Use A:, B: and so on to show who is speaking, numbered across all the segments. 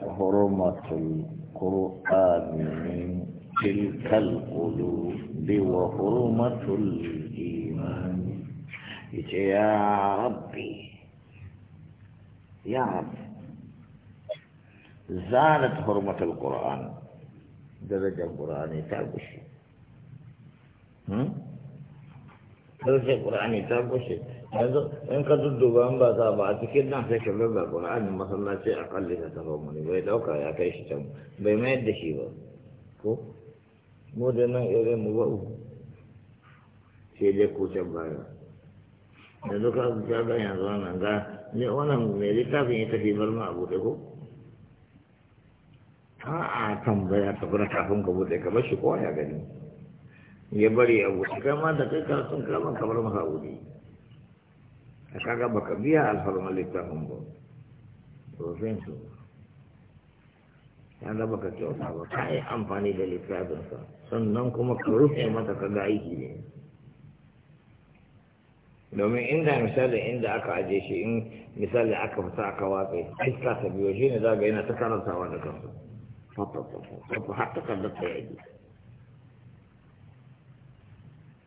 A: حرمة القرآن من تلك القلوب وحرمة الإيمان يا ربي يا رب زالت حرمة القرآن درجة القرآن تعبشي هم؟ sai ƙur'ani ta kushe yanzu in ka dudduba in ba za ba a cikin nan sai ka ga ƙur'ani masallaci a kalli ta tafa mu bai ɗauka ya kai shi can bai mayar da shi ba ko mu da nan irin mu ba uku sai dai ko can baya yanzu ka ga ga yanzu wannan ga ne wannan mai littafin ya tafi bar ma a da ko a'a tambaya ta kafin ka bude ka bar shi ko ya gani ya bari a kai ma da kai karatun kama kamar masa a kaga baka biya alfarmar littafin ba rufin su ya da baka kyauta ba ka yi amfani da littafinsa sannan kuma ka rufe mata ka ga aiki ne domin inda misali inda aka aje shi in misali aka fita aka watsa iska ta biyo shi ne za ga yana ta wa da kansa har takardar ta yi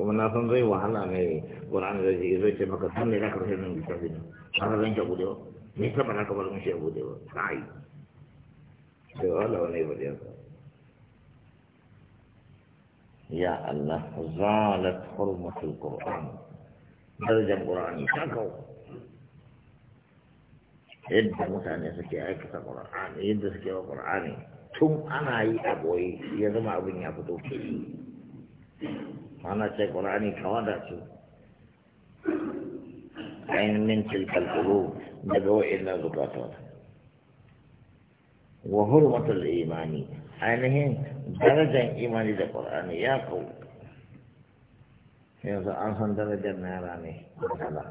A: kuma na san zai wahala mai ƙur'an da zai zai ce maka sun ne za ka rufe min littafi ne har zan ta bude ba ne ta bana za ka bar mun shi bude ba sai da wala wani ba ya ya Allah zalat hurmatul qur'an darajar quran ta kawo yadda mutane suke aikata qur'ani yadda suke wa qur'ani tun ana yi a boye ya zama abin ya fito معنى تلك قرآني كوابع تو عين من تلك القلوب ندعو إلا غبطات وهرمة الإيمان عين هين درجة إيماني ذا قرآن يا قول يا سأنسان درجة نيراني مثلا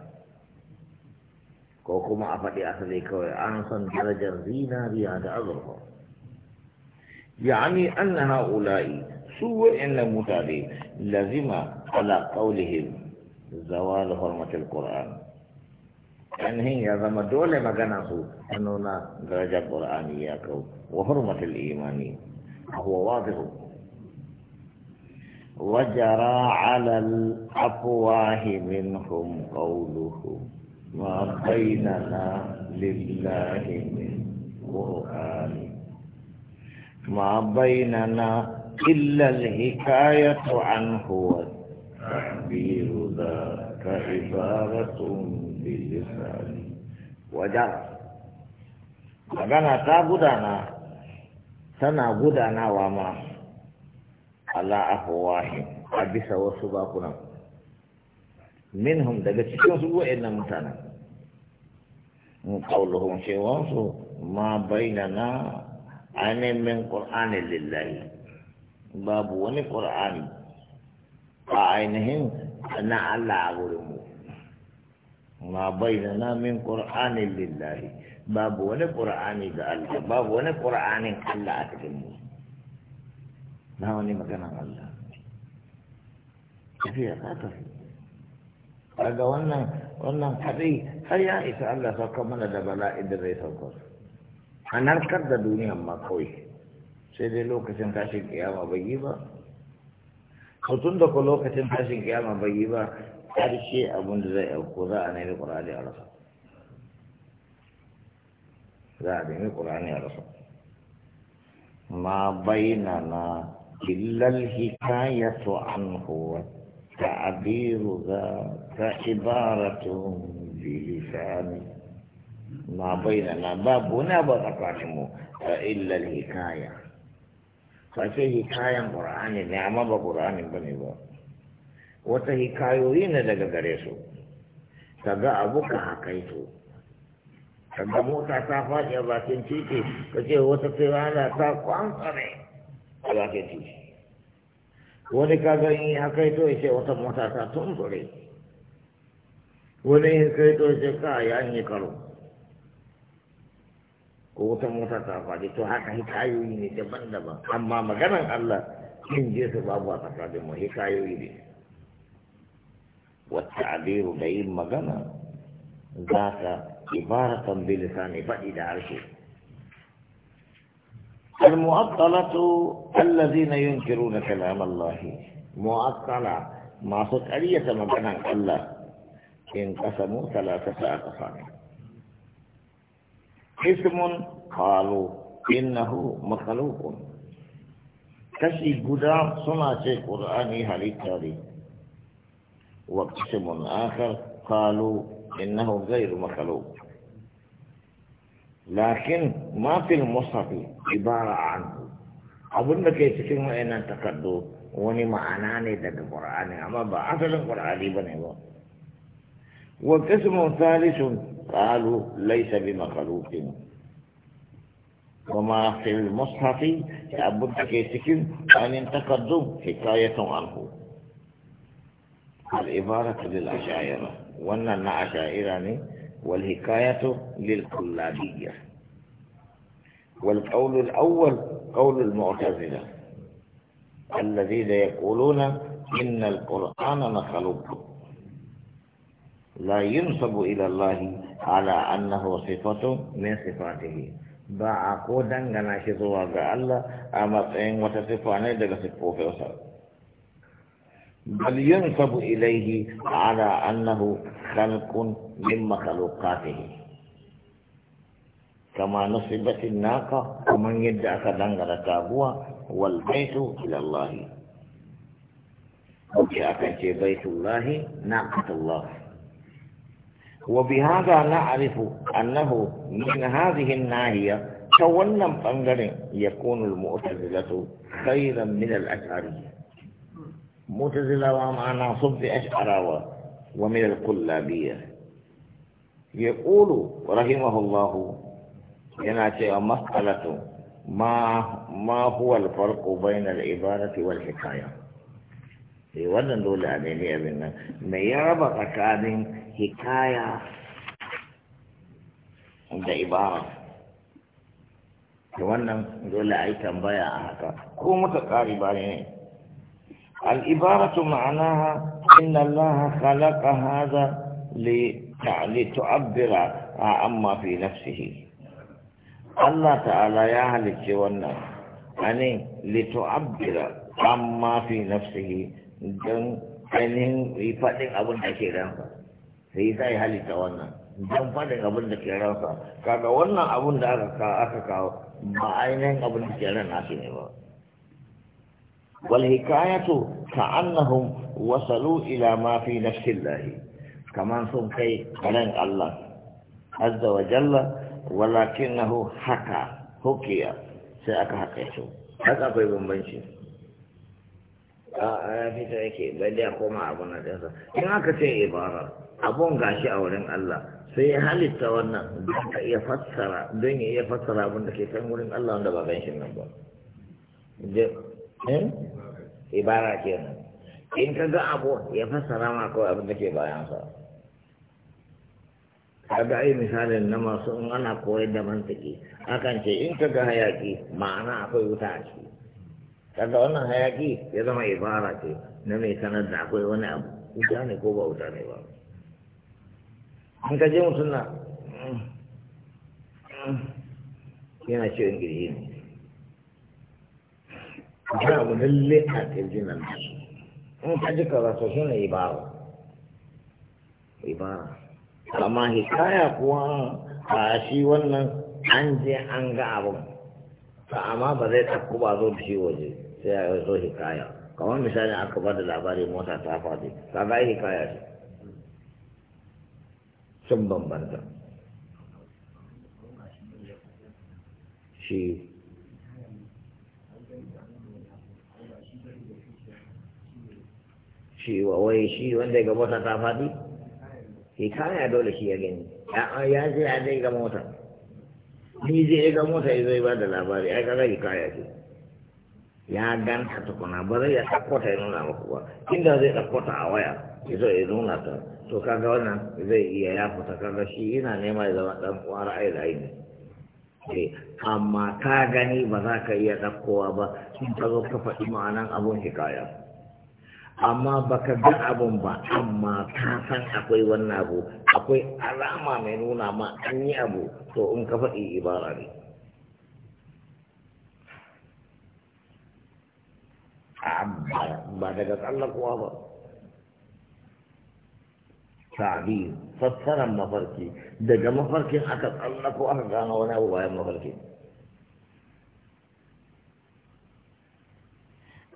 A: كوكما أفدي أخذي كوي أنسان درجة زينا بها ذا أظهر يعني أن هؤلاء سوء إن لم تعدي لازمة على قولهم زوال حرمة القرآن أن هي هذا ما دولة ما جناه أننا درجة قرآنية وحرمة الإيمان هو واضح وجرى على الأفواه منهم قولهم ما بيننا لله من قرآن ما بيننا إلا الحكاية عنه وتعبير ذاك عبارة بلسان وجر مجانا تابدانا سنا بدانا وما على أفواه أبي سوى سباقنا منهم دقا تشكو سبو إلا متانا قولهم شيء ما بيننا عن من قرآن لله babu wani ƙur'ani a ainihin na Allah a wurinmu ma bai da namin ƙur'anin lillahi babu wani ƙur'ani ga Allah babu wani ƙur'anin Allah a cikinmu na wani maganan Allah tafiya ka tafi daga wannan wannan kaɗai har ya isa Allah sauka mana da bala'in da zai saukar a narkar da duniyan ma kawai سيدي د لوې تااس کیا بهبه ختون د کولو ک تااس کیا بهبه هر ابون ځای او خوده قرآ اړه دا دمې قرآ اړه ما بيننا الا الحكايه حکایت عن هو تعبیر ذا تعبارت بی ما بین نا بابو نا با تقاشمو ka ce hikayen ƙur'ani ne amma ba ƙur'anin ba ne ba wata hikayoyi ne daga gare su ka ga abu ka hakaito ka ga mota ta faɗi a bakin titi ka ce wata tsirana ta kwantsare a bakin titi wani ka ga in hakaito ya ce wata mota ta tunzure wani hakaito ya ce ka ya yi karo ko wata mota ta faɗi to haka hikayoyi ne daban-daban amma maganan Allah in je su babu a tsakanin mu hikayoyi ne wata abiru da yin magana za ka ibaratan bilisani faɗi da harshe المعطلة الذين ينكرون كلام الله معطلة ما سكرية مكان الله انقسموا ثلاثة أقسام قسم قالوا إنه مخلوق كشي قدا صنع قرآني هالتالي وقسم آخر قالوا إنه غير مخلوق لكن ما في المصحف عبارة عنه أظن كيف تكون أن تقدو وني معناني ذا القرآن أما بأثر القرآن بني وقسم ثالث قالوا ليس بمخلوق وما في المصحف لابد كيسكن أن ينتقدوا حكاية عنه العبارة للعشائر وأن أشاعرة والحكاية للكلابية والقول الأول قول المعتزلة الذين يقولون إن القرآن مخلوق لا ينسب إلى الله على أنه صفة من صفاته ba a ko dangana shi zuwa ga Allah a matsayin wata siffa ne daga siffofinsa bal yansabu ilaihi ala annahu khalqun min makhluqatihi kama nusibat naqa kuma yadda aka dangana buwa wal baitu ila Allah ko aka ce baitullahi naqatullah وبهذا نعرف أنه من هذه الناهية تولم بانجر يكون المعتزلة خيرا من الأشعرية معتزلة ومعنى صب أشعراوة ومن القلابية يقول رحمه الله يناتي مسألة ما ما هو الفرق بين العبارة والحكاية في إيه، ودن دولة عليه أبنا ما يربط كادين hikaya da ibara da wannan dole a yi tambaya a haka ko muka ƙari ba ne al'ibara ma'ana ma'anaha inna allaha khalaqa hadha li tu'abbira amma fi nafsihi Allah ta'ala ya halicce wannan ane li tu'abbira amma fi nafsihi don ainihin faɗin abin da ke ranka sai sai halitta wannan don fadin abin da ke ransa kaga wannan abin da aka kawo ba ainihin abin da ke ran nasu ne ba wal hikayatu ka'annahum wasalu ila ma fi nafsi Allah kaman sun kai ran Allah azza wa jalla walakinahu haka hukiya sai aka haka su haka akwai bambanci a ya fito yake bai da koma abu na ɗansa in aka ce ibara abun gashi a wurin Allah sai ya halitta wannan don ka iya fassara don ya iya fassara abin da ke kan wurin Allah wanda ba ganshin nan ba eh? ibara nan in ka ga abu ya fassara ma kawai abin da ke bayan sa kaga ai misalin na masu in ana koyar da mantiki akan ce in ka ga hayaki ma'ana akwai wuta a ciki kaga wannan hayaki ya zama ibara ce na mai sanar da akwai wani abu wuta ne ko ba wuta ne ba in ka je mutum na yana ciwon girji ne wani abu lalle a kirji nan in ka ji karatu shi ne ibara ibara amma hikaya kuwa a shi wannan an je an ga abin amma ba zai takku ba zo da shi waje sai ya zo hikaya kamar misali aka ba da labari mota ta faɗi ka ga hikaya ce sun bambanta shi shi wa wai shi wanda ga mota ta faɗi hikaya dole shi ya gani ya zai ya zai ga mota ni je ga mota ya zai ba da labari ai kaga hikaya ce ya ganta tukuna ba zai ya ɗauko ta nuna muku ba inda zai ɗauko ta a waya ya zo ya nuna ta to kaga wannan zai iya ya fita kaga shi ina nema ya zama ɗan kwara ra'ayi da aini eh, amma ka gani ba za ka iya ɗaukowa ba in ka zo ka faɗi ma'anan abun hikaya amma baka ga abun ba amma ka san akwai wannan abu akwai alama mai nuna ma an yi abu to in ka faɗi ibara ne ba daga tsallakuwa ba ta'bir fassarar mafarki daga mafarkin aka tsallako aka gano wani abu bayan mafarkin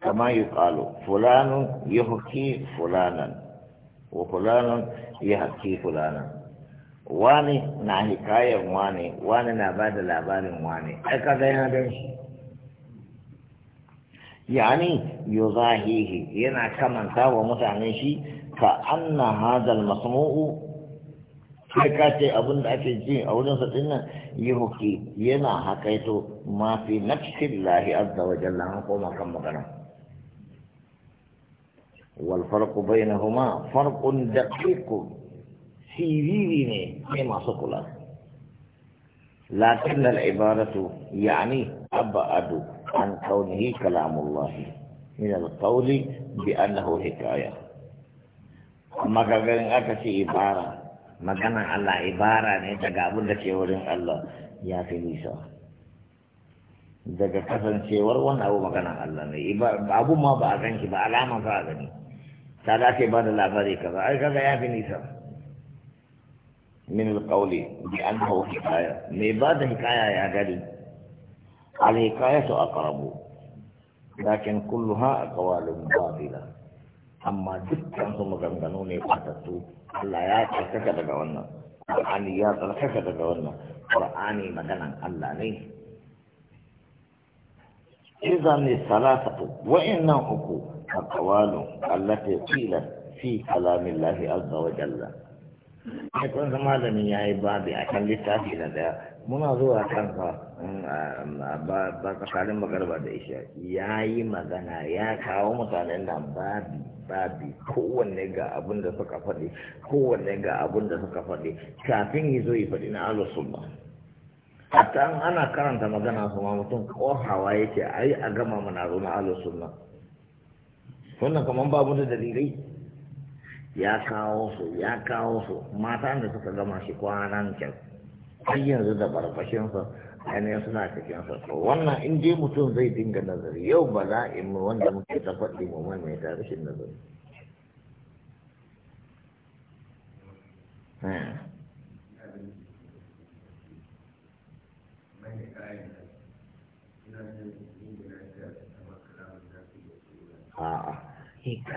A: كما يقال فلان يحكي فلانا وفلان يحكي فلانا wani na hikayen wani wani na ba labarin wani aika da yana don yani yuzahihi yana kamanta wa mutane shi ka anna hadal sai ce abin da ake ji a wurin sa dinnan yuhki yana hakaito ma fi lahi azza wa jalla an koma kan magana Wal farko bai na homa, farkon daƙiƙo siriri ne, ni masu kula. Latsa lallaɗa ibaratu, ya'ani abba adu an ƙaunahi kalamullasi, ina ƙauni bi'a naho hiƙaya. Magaganin aka ci ibara, maganin allah ibara ne ta gabun da ke wurin allah ya filisa. Daga kasancewar wani abu maganin allah ne, babu ma ba a ganki ba alama ba la ta dace ba da labari kaza ai kaga ya fi nisa min alqawli bi annahu hikaya me ba da hikaya ya gari al hikayatu aqrabu lakin kulluha aqwalun batila amma dukkan su maganganu ne fatattu Allah ya tsarkaka daga wannan Qur'ani ya tsarkaka daga wannan Qur'ani maganan Allah ne إذن الثلاثة وإن أكو الأقوال التي قيلت في كلام الله عز وجل أكون زما da ni yayi babi a kan littafi na ɗaya muna zuwa kan fa ba tsakanin magarba da isha yi magana ya kawo mutanen nan babi babi kowanne ga abin da suka faɗi kowanne ga abin da suka faɗi kafin yi zo yi faɗi na alusunna hatta ana karanta magana ma mutum ko hawa yake ai a gama mana zo na ahlus sunna wannan kaman babu da dalilai ya kawo su ya kawo su mata da suka gama shi kwanan can har yanzu da barbashinsa sa ainihin suna cikin sa wannan in je mutum zai dinga nazari yau ba za in mu wanda muke ta faɗi mu mai mai tarishin nazari hmm.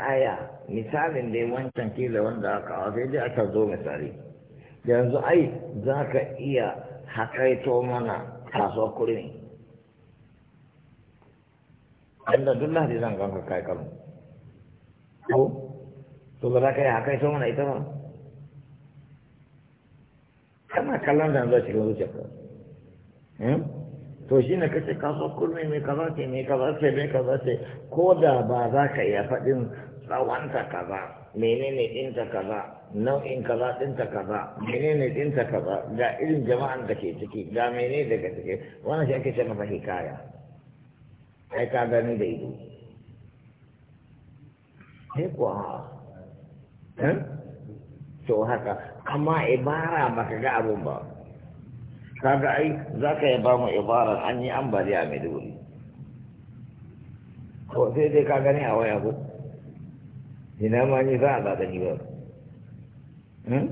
A: aya misalin dai wancan kila wanda aka kawo sai dai aka zo misali yanzu ai za ka iya haƙaito mana kasuwar kurmi inda duk lahadi zan ganka kai kano ko to ba za ka iya haƙaito mana ita ba kana kallon da zuwa cikin ka? Hmm? to shi ne kace kasuwar kurmi mai kaza ce mai kaza ce mai kaza ce ko da ba za ka iya faɗin tsawonta kaza menene ɗinta kaza nau'in kaza ɗinta kaza menene ɗinta kaza ga irin jama'an da ke ciki ga menene daga ciki wannan shi ake cewa hikaya ai ka gani da ido sai kuwa eh? to haka amma ibara ba ka ga abun ba kaga ai za ka yaba mu ibara an yi ambaliya mai dole to sai dai ka gani a waya ko ina ma ni za a ba gani ba ta hmm?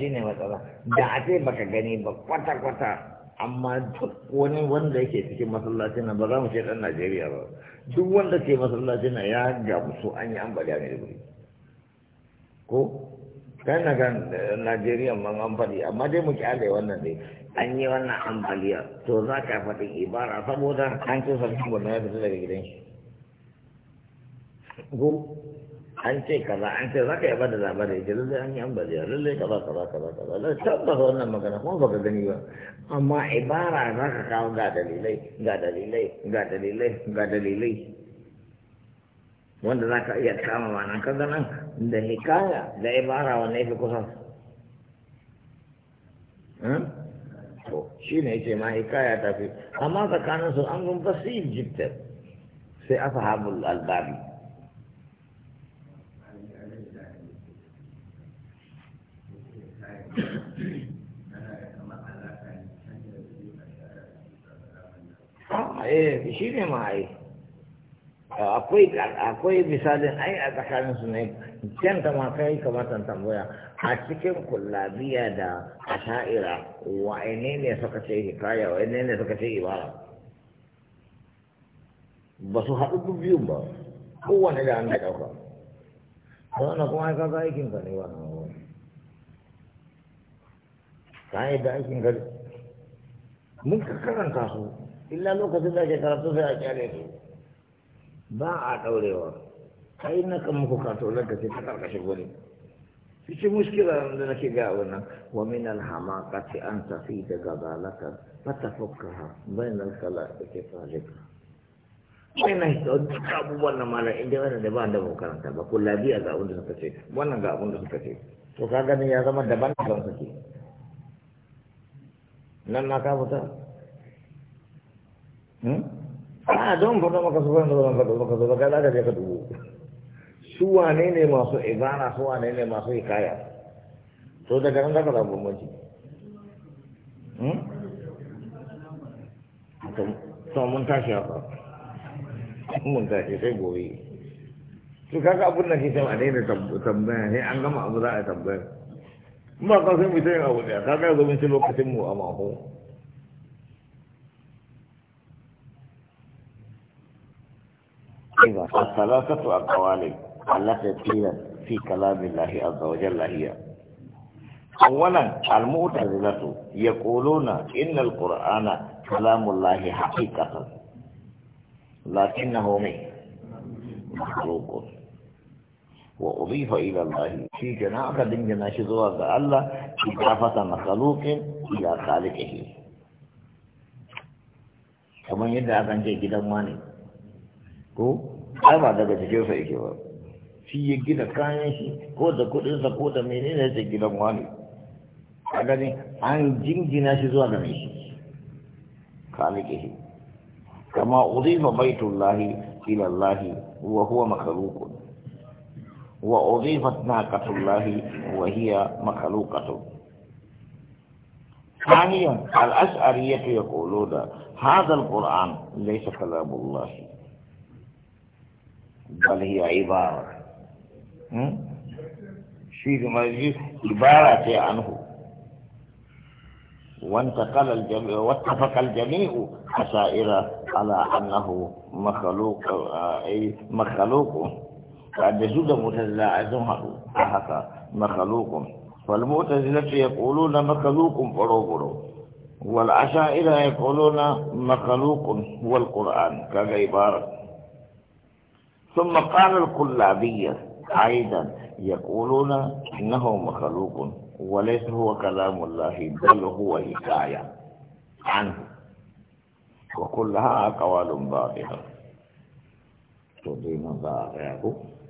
A: shi ne matsala da a ce baka gani ba kwata-kwata amma duk wani wanda yake cikin masallacin nan ba za mu ce ɗan Najeriya ba duk wanda ke masallacin nan ya so an yi ambaliya ne da wuri ko kai na kan eh, Najeriya man an faɗi amma dai mu kyale wannan dai an yi wannan ambaliya to za ka faɗi ibara saboda an sarkin sarki gwamnati ya fita daga gidan shi go an ce kaza an ce zaka yaba da labarai da lalle an yi ambaliya lalle kaza kaza kaza kaza lalle tabbata wannan magana kuma baka gani ba amma ibara zaka kawo ga dalilai ga dalilai ga dalilai ga dalilai wanda zaka iya kama ma'anan kaga nan da hikaya da ibara wanne yafi kusa hmm? to shi ne ce ma hikaya ta fi amma tsakaninsu an gun fasir jibtar sai ashabul albabi eh shi ne ma ai akwai akwai misalin ai a tsakanin su ne can ta kai kamata tambaya a cikin kullabiya da asha'ira wa'ine ne suka ce hikaya wa'ine ne suka ce ibara ba su haɗu duk biyun ba kowane da an da ɗauka wannan kuma ya kaga aikin ka ne wannan wani ka yi da aikin ka mun ka karanta su illa lokacin da ake karatu sai a kyale su ba a ɗaurewa kai na kan muku kato lokaci ta karkashin wani cikin muskila da nake ga wannan wa min alhamaqati an tafi daga da gabalaka fatafukkaha bain alkhalaqi fa'alika wannan da duka abubuwan nan mala inda wannan da ba da makaranta ba ko labiya ga abin da suka ce wannan ga abin da suka ce to ka gani ya zama daban daban suke nan na ka fita Hmm? a ah, don faɗa maka su da zan faɗa baka za ka je ka dubu su wane ne masu ibara su wane ne masu hikaya to daga nan zaka samu bambanci hmm? to mun tashi haka mun tashi sai gobe to kaga abun da ke sai a daina tambaya sai an gama abu za a tambaya ba ka sai mutum abu yanzu mun ci lokacin mu a mako ba salasatu aqwali allati qila fi kalamillahi azza wa jalla hiya awwalan almu'tazilatu yaquluna innal qur'ana kalamullahi haqiqatan lakinnahu makhluqun وأضيف إلى الله في جناك دنجنا شذوا الله إضافة مخلوق إلى خالقه كما يدعى أن جيدا ماني ko ai ba daga cikin sa yake ba shi ya gina kayan shi ko da kudin sa ko da menene yake gidan wani a gani an jingina shi zuwa ga shi kalike shi kama udifa baitullahi ila Allah wa huwa makhluqun wa udifat naqatullahi wa hiya makhluqatun ثانيا الأشعرية يقولون هذا القرآن ليس كلام الله bal hiya ibara hmm shi kuma yi ibara ce anhu wanta wata aljami'u wattafaqa aljami'u asaira ala annahu makhluq eh, ay makhluq قد زود متزلا عزم هذا أحقا مخلوق فالمتزلة يقولون مخلوق فروبرو والعشائر يقولون مخلوق والقرآن كذا عبارة ثم قال الكلابية أيضا يقولون إنه مخلوق وليس هو كلام الله بل هو حكاية عنه وكلها أقوال باطلة تدين ضائعه